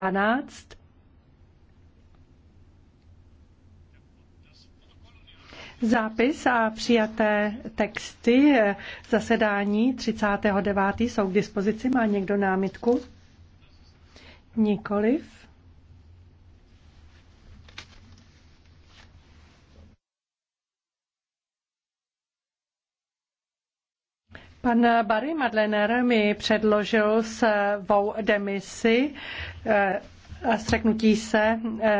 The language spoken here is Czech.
12. Zápis a přijaté texty zasedání 39. jsou k dispozici. Má někdo námitku? Nikoliv. Pan Barry Madlener mi předložil svou demisi eh, a střeknutí se eh,